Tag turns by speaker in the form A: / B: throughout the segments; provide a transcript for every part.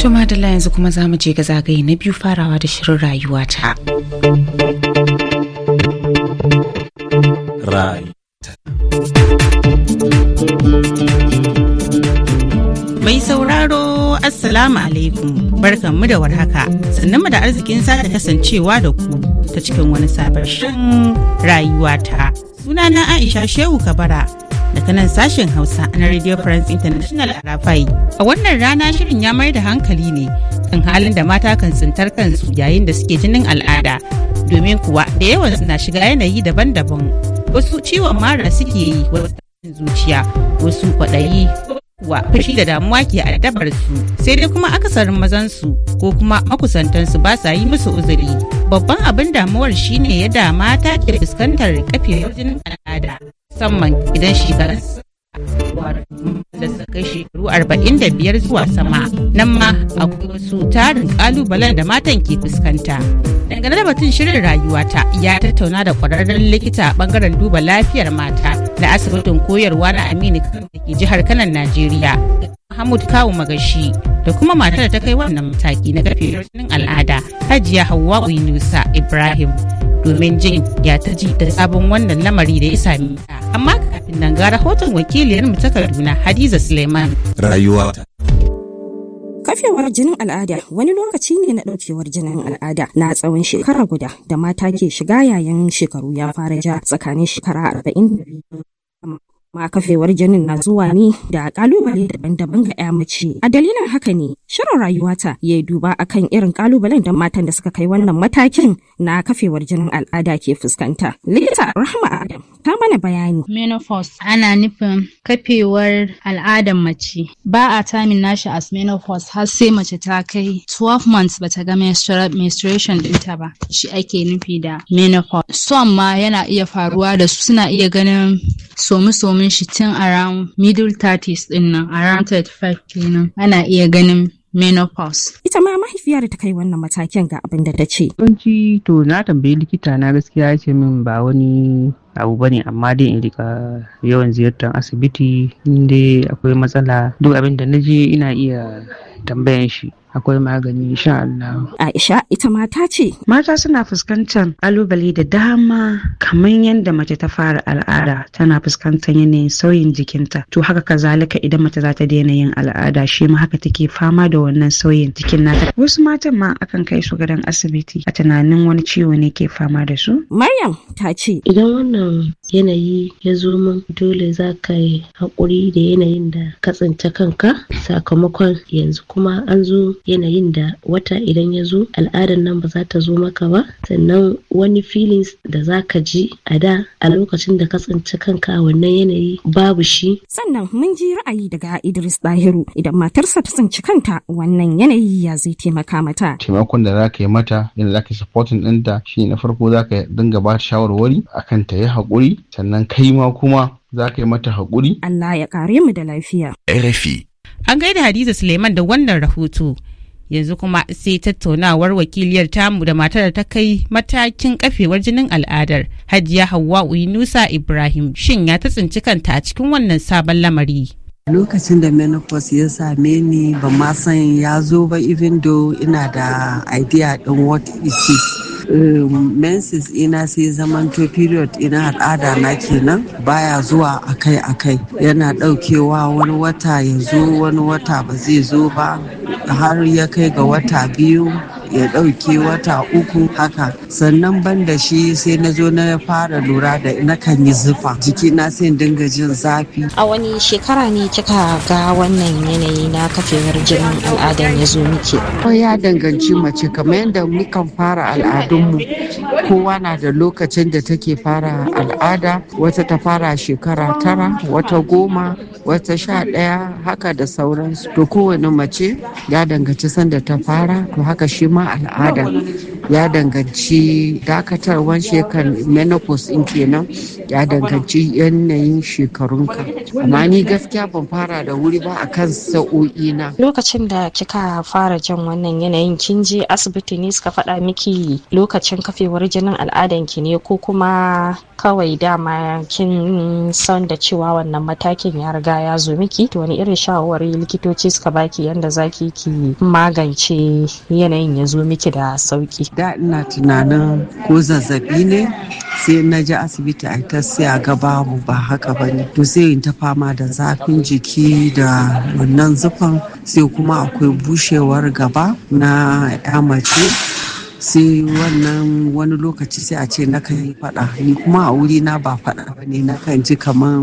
A: Tuma da yanzu kuma za mu je ga zagaye na biyu farawa da shirin rayuwata. ta. Mai sauraro Assalamu alaikum barkanmu da warhaka sannan mu da arzikin sada kasancewa da ku ta cikin wani sabon shirin rayuwata. Sunana Aisha Shehu Kabara daga nan sashen Hausa na Radio France International a Rafai. A wannan rana shirin ya mai da hankali ne kan halin da mata kan tsintar kansu yayin da suke jinin al'ada domin kuwa da yawan suna shiga yanayi daban-daban. Wasu ciwon mara suke yi wasu zuciya, wasu kwaɗayi, wa fushi da damuwa ke addabar su sai dai kuma akasarin mazan su ko kuma makusantan su ba sa yi musu uzuri babban abin damuwar shine yadda mata ke fuskantar kafin jinin al'ada musamman idan shekarun da su kai shekaru 45 zuwa sama nan ma akwai wasu tarin kalubalen da matan ke fuskanta dangane da batun shirin rayuwata ya tattauna da kwararren likita bangaren duba lafiyar mata da asibitin koyarwa na aminu da ke jihar kanan najeriya hamud Kawu Magashi da kuma matar da ta kai wannan mataki na kafin al'ada Hajiya Hauwa Nusa Ibrahim domin jin ya ta ji da sabon wannan lamari da ya sami ta. amma kafin nan ga rahoton wakiliyar mu ta Kaduna Hadiza Suleiman. Rayuwa Kafewar jinin al'ada wani lokaci ne na ɗaukewar jinin al'ada na tsawon shekara guda da mata ke shiga yayin shekaru ya fara ja tsakanin shekara arba'in ma kafewar jinin na zuwa ne da kalubale daban-daban ga 'ya mace a dalilin haka ne shirin rayuwata ya yi duba akan irin kalubalen da matan da suka kai wannan matakin na kafewar jinin al'ada ke fuskanta. Likita Rahma Adam ta mana bayani. Menopause ana nufin kafewar al'adan mace. Ba a tamin nashi as menopause har sai mace ta kai 12 months bata ga menstruation dinta ba. Shi ake nufi da menopause. Son amma yana iya faruwa da su suna iya ganin somi-somin shi tun around middle 30s dinnan around 35 kenan ana iya ganin menopause. Ita gaskiya da ta kai wannan matakin ga abin da ta
B: ce. Kunci to na tambayi likita na gaskiya ya ce min ba wani abu bane amma dai in rika yawan ziyartar asibiti inda akwai matsala duk abin da na je
A: ina iya tambayan shi akwai magani insha Allah. Aisha ita mata ce. Mata suna fuskantar alubali da dama kamar yadda mace ta fara al'ada tana fuskantar yanayin sauyin jikinta. To haka kazalika idan mace za ta daina yin al'ada shi ma haka take fama da wannan sauyin jikin nata. Wasu matan ma akan kai su gadon asibiti a tunanin wani ciwo ne ke fama da su. Maryam ta ce. Idan wannan wannan yanayi ya zo min dole za ka yi haƙuri da yanayin da ka tsinci kanka sakamakon yanzu kuma an zo yanayin da wata idan ya zo al'adar nan ba za ta zo maka ba sannan wani feelings da za ka ji a da a lokacin da ka tsinci kanka a wannan yanayi babu shi. Sannan mun ji ra'ayi daga Idris Dahiru idan matarsa ta tsinci kanta wannan yanayi ya zai taimaka mata.
C: Taimakon da za ka yi mata yadda za ka yi supporting ɗinta shi na farko za ka dinga ba shawarwari akan ta yi hakuri sannan kai ma kuma za ka yi mata hakuri.
A: Allah ya kare mu da lafiya. RFI. An gaida Hadiza Suleiman da wannan rahoto. Yanzu kuma sai tattaunawar wakiliyar tamu da matar ta kai matakin kafewar jinin al'adar Hajiya Hawwa'u Yunusa Ibrahim shin ya ta tsinci kanta a cikin wannan sabon lamari.
B: lokacin da menopause ya same ni ba ma san ya zo ba even though ina da idea din what it is Um, menses ina sai zamanto period ina al'ada na kenan baya zuwa akai-akai yana daukewa wani wata ya wani wata ba zai zo ba har ya kai ga wata biyu ya ɗauke wata uku haka sannan ban da shi sai na zo na fara lura da na kan yi zufa jiki na sai dinga jin zafi a wani shekara ne kika ga wannan yanayi na kafewar jinin al'adan ya zo miki ya danganci mace kamar yadda mukan fara al'adunmu kowa na da lokacin da take fara al'ada wata ta fara shekara tara wata goma wata sha ɗaya haka da sauransu to kowane mace ya danganci sanda ta fara to haka shi ma مع العالم ya danganci dakatarwan shekar menopause in kenan ya danganci yanayin shekarunka amma ni gaskiya ban fara da wuri ba a kan sa'o'i na
A: lokacin da kika fara jan wannan yanayin kin je asibiti ne suka faɗa miki lokacin kafewar jinin al'adanki ne ko kuma kawai dama kin san da cewa wannan matakin ya riga ya zo miki to wani irin shawarwari likitoci suka
B: baki yanda zaki ki magance yanayin ya zo miki da sauki da ina tunanin ko zazzabi ne sai na ji asibiti a ta siya a ga babu ba haka ba ne to sai in ta fama da zafin jiki da wannan zufan sai kuma akwai bushewar gaba na ya mace sai wannan wani lokaci sai a ce na kan yi faɗa ni kuma a wuri na ba faɗa ba ne na kan ji kaman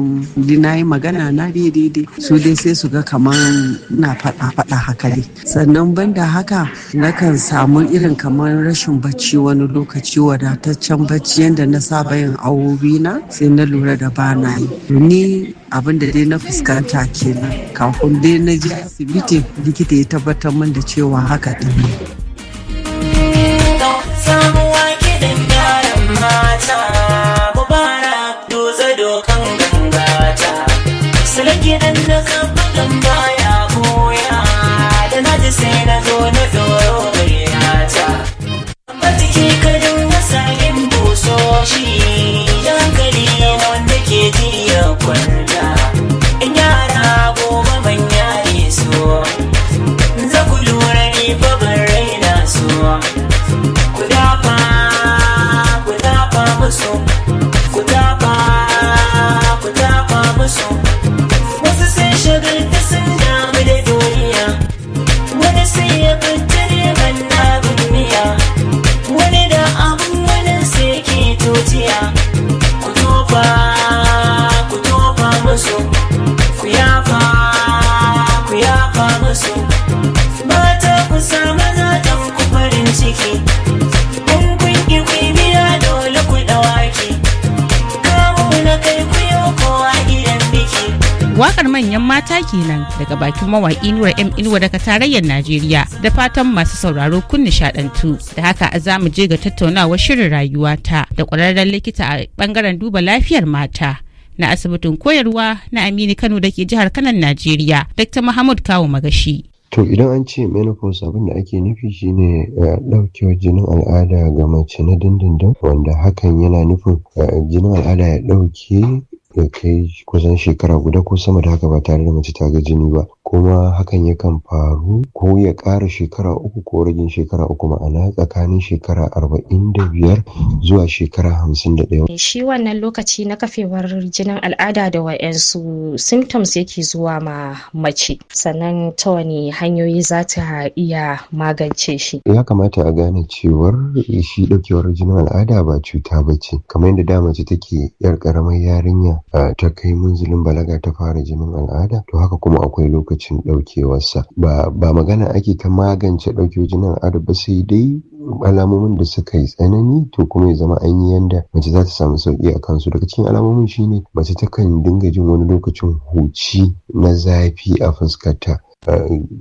B: na yi magana na daidai su dai sai su ga kaman na faɗa faɗa haka dai sannan banda haka na kan samu irin kaman rashin bacci wani lokaci wadataccen bacci yadda na saba yin awobi na sai na lura da ba na yi ni abin da dai na fuskanta kenan kafin dai na ji asibiti likita ya tabbatar min da cewa haka din
D: dan baya koya da naji sai na
A: Wakar manyan mata kenan daga bakin mawaƙi Nura M Inuwa daga tarayyar Najeriya da fatan masu sauraro kun nishadantu. Da haka a za mu je ga tattaunawar shirin rayuwa ta da ƙwararren likita a ɓangaren duba lafiyar mata. na asibitin koyarwa na amini Kano da ke jihar Kanan Najeriya, Dr. Muhammad Kawo Magashi.
C: To idan an ce menopause abin da ake nufi shine eh, ɗaukewar jinin al'ada ga mace na dindindin wanda hakan yana nufin eh, jinin al'ada ya ɗauke ya kai kusan shekara guda ko sama da haka ba tare da mace ta ga jini ba kuma hakan yakan faru ko ya ƙara shekara uku ko ragin shekara uku ma'ana tsakanin shekara arba'in da biyar zuwa shekara hamsin da ɗaya.
A: shi wannan lokaci na kafewar jinin al'ada da wa'yansu symptoms yake zuwa ma mace sannan ta wani hanyoyi za ta iya magance shi.
C: ya kamata a gane cewar shi ɗaukewar jinin al'ada ba cuta ba ce kamar yadda da mace take yar ƙaramar yarinya ta kai munzulin balaga ta fara jinin al'ada to haka kuma akwai lokacin ɗaukewarsa ba ba magana ake ta magance ɗauke jinin al'ada ba sai dai alamomin da suka yi tsanani to kuma ya zama an yi yanda mace za ta samu sauki a kansu daga cikin alamomin shine mace ta kan dinga jin wani lokacin huci na zafi a fuskarta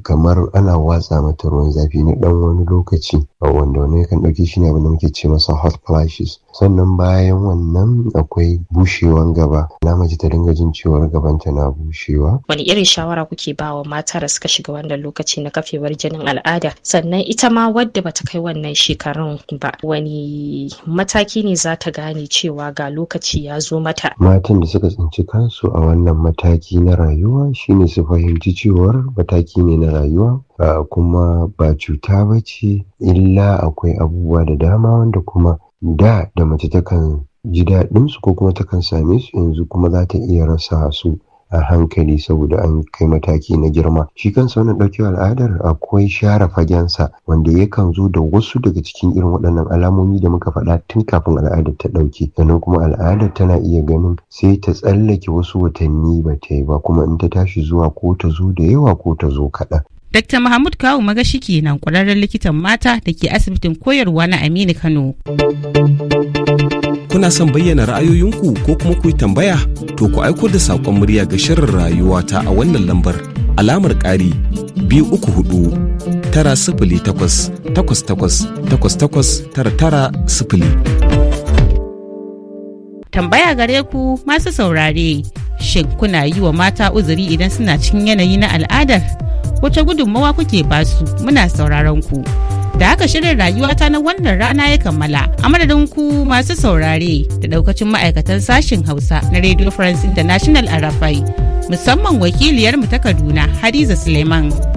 C: kamar ana watsa mata ruwan zafi na dan wani lokaci wanda wani kan dauke shi ne da muke ce masa hot flashes sannan bayan wannan akwai bushewan gaba na mace ta dinga jin cewar gabanta na bushewa
A: wani irin shawara kuke ba wa mata da suka shiga wannan lokaci na kafewar jinin al'ada sannan ita ma wadda bata kai wannan shekarun ba wani mataki ne za ta gane cewa ga lokaci ya zo mata
C: matan da suka tsinci kansu a wannan mataki na rayuwa shine su fahimci cewar mataki ne na rayuwa kuma ba cuta ba ce illa akwai abubuwa da dama wanda kuma da da mace takan ji daɗinsu ko kuma takan same su yanzu kuma za ta iya rasa su a hankali saboda an kai mataki na girma shi kansa wannan ɗaukewar al'adar akwai share fagensa wanda yakan zo da wasu daga cikin irin waɗannan alamomi da muka faɗa tun kafin al'adar ta ɗauke sannan kuma al'adar tana iya ganin sai ta tsallake wasu watanni ba ta yi ba kuma in ta tashi zuwa ko ta zo da yawa ko ta zo kaɗan
A: Dr. Mahmud Kawu Magashi kenan kwararren likitan mata da ke asibitin koyarwa na Aminu
C: Kano. Kuna son bayyana ra'ayoyinku ko kuma ku tambaya? To ku aiko da saƙon murya ga shirin rayuwa ta a wannan lambar alamar ƙari biyu uku hudu tara sifili takwas takwas takwas takwas takwas tara tara sifili.
A: Tambaya gare ku masu saurare, shin kuna yi wa mata uzuri idan suna cikin yanayi na al'adar? wace gudunmawa kuke basu muna sauraron ku. Da haka shirin rayuwata na wannan rana ya kammala a madadin ku masu saurare da daukacin ma'aikatan sashen Hausa na Radio
D: France International a Rafai musamman wakiliyarmu ta Kaduna Hadiza Suleiman.